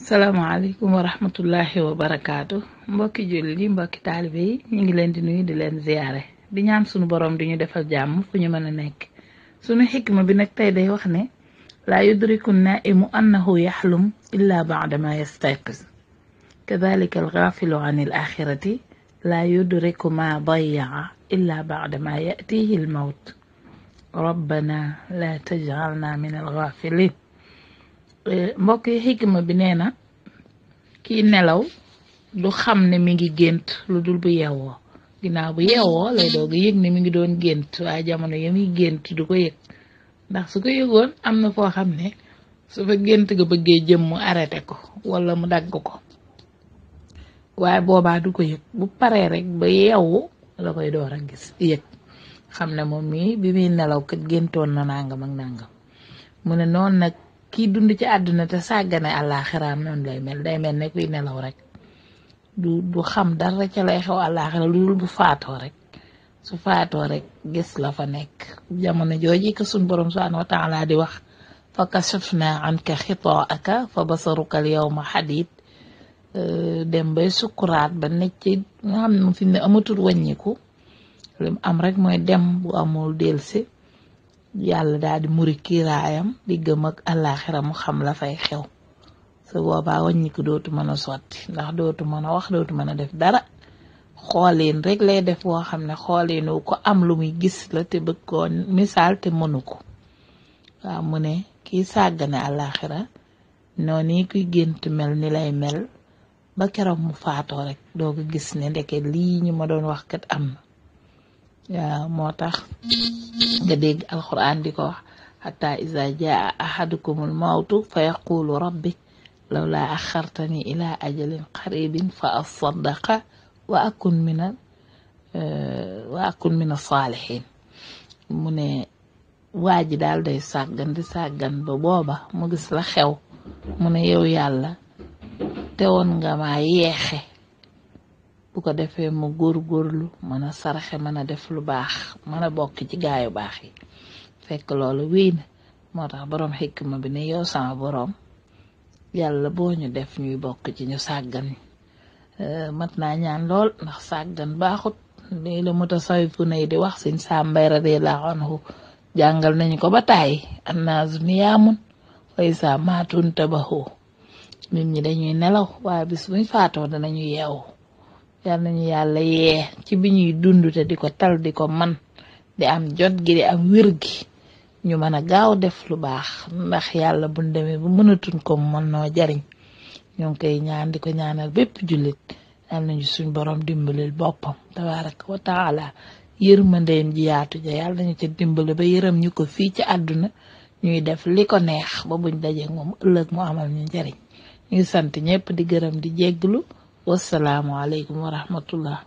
السلام عليكم ورحمة الله وبركاته مباكي جولي مباكي تالبي نيجي لين نوي دي لين زيارة دي سنو بروم دي دفل جامو فنو مانا نيك سنو حكمة بنك تاي وخني لا يدرك النائم أنه يحلم إلا بعدما يستيقظ كذلك الغافل عن الآخرة لا يدرك ما ضيع إلا بعدما يأتيه الموت ربنا لا تجعلنا من الغافلين Eh, mbokk yi xikma bi nee na kii nelaw du xam ne mi ngi gént lu dul bu yeewoo ginnaaw bu yeewoo lay doog a yëg ne mi ngi doon gént waaye jamono ya muy gént du ko yëg ndax su ko yëgoon am na foo xam ne su fa gént ga bëggee jëm mu arrêté ko walla mu dagg ko waaye boobaa du ko yëg bu paree rek ba yeewu la koy door a gis yëg xam ne moom mii bi muy nelaw kat géntoon na nangam ak nangam mu ne noonu nag kii dund ci àdduna te sàggane àllaaxiraam noonu lay mel day mel ne kuy nelaw rek du xam dara ca lay xew àllaaxira lu dul bu faatoo rek su faatoo rek gis la fa nekk jamono jooji ka suñ borom subhaanahu wa taala di wax fa kashafna anka xitaa'aka fa basaruka al yawma xadid euh, dem bay sukkuraat ba nekk ci nga xam ne fi ne amatul wàññiku lim am rek mooy dem bu amul delsi yàlla daal di muri kiiraayam diggam ak àllaaxira mu xam la fay xew su boobaa wàññi ko dootu mën a sotti ndax dootu mën a wax dootu mën a def dara xooliin rek lay def woo xam ne xooliinu ko am lu muy gis la te bëgg misaal te mënu ko waaw mu ne kii sàggane àllaaxira noonu yi kuy gént mel ni lay mel ba keroog mu faatoo rek doo gis ne ndeke lii ñu ma doon wax kat am na waaw moo tax nga dégg alquran di ko wax xata iza jaa ahadukumul mawtu fa yaqulu rabbi lawla axartani ila ajalin qaribin fa asaddaqa wa akun mina eh, wa akun mina saalihin mu ne waa ji daal day sàggan di sàggan ba booba mu gis la xew mu ne yow yàlla tewoon nga maa yeexe bu ko defee mu góorgóorlu mën a saraxe mën a def lu baax mën a bokk ci gaayu baax yi fekk loolu wéy moo tax borom ma bi ne yow sama borom yàlla boo ñu def ñuy bokk ci ñu sàggan euh, mat naa ñaan lool ndax sàggan baaxut lii la mutasawifu nay di wax sëñ Sàmbay radiyallahu anhu jàngal nañu ko ba tàyyi annaasu niyaamun wa izaa maatun tabahu nit ñi dañuy nelaw waaye bis buñ faatoo danañu yeewu yal nañu yalla ye ci biñuy dundu te di tal di man di am jot gi di am wér gi ñu mëna gaaw def lu baax ndax yalla buñ démé bu mënatuñ ko man no jariñ ñu ngi ñaan diko ñaanal bépp julit yal nañu suñ borom dimbalel bopam wa taala yermandeem ji yaatu ja yalla nañu ci dimbal ba yërëm ñuko fi ci aduna ñuy def liko neex ba buñ dajé moom ëlëk mu amal ñu jariñ ñu sant ñepp di gëreem di jéglu wasalaamualeykum wa rahmatullah